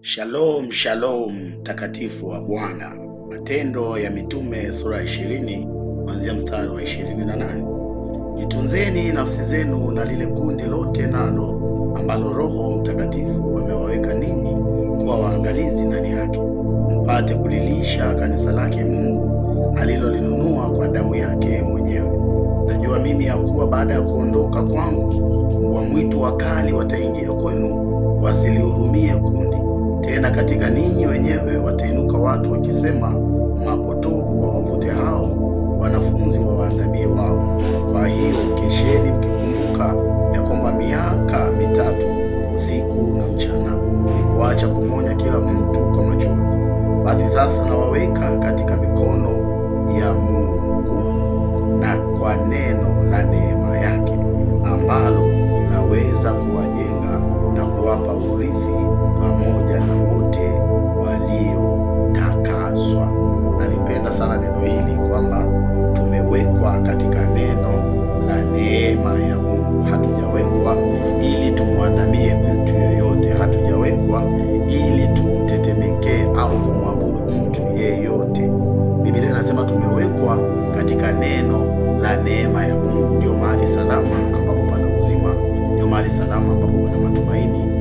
Shalom, shalom mtakatifu wa Bwana. Matendo ya Mitume sura 20 kuanzia mstari wa 28. Jitunzeni nafsi zenu na lile kundi lote nalo ambalo Roho Mtakatifu amewaweka ninyi kuwa waangalizi ndani yake, mpate kulilisha kanisa lake Mungu alilolinunua kwa damu yake mwenyewe. Najua mimi ya kuwa baada ya kuondoka kwangu, mbwa mwitu wakali wataingia kwenu, wasilihurumie kundi tena katika ninyi wenyewe watainuka watu wakisema mapotovu wawavute hao wanafunzi wawaangamie wao. Kwa hiyo kesheni, mkikumbuka ya kwamba miaka mitatu usiku na mchana sikuacha kumwonya kila mtu kwa machozi. Basi sasa nawaweka katika mikono ya Mungu na kwa neno la neema yake ambalo laweza kuwajenga na kuwapa urithi tumewekwa katika neno la neema ya Mungu. Hatujawekwa ili tumwandamie mtu yeyote, hatujawekwa ili tumtetemekee au kumwabudu mtu yeyote. Biblia inasema tumewekwa katika neno la neema ya Mungu. Ndio mahali salama ambapo pana uzima, ndio mahali salama ambapo pana matumaini.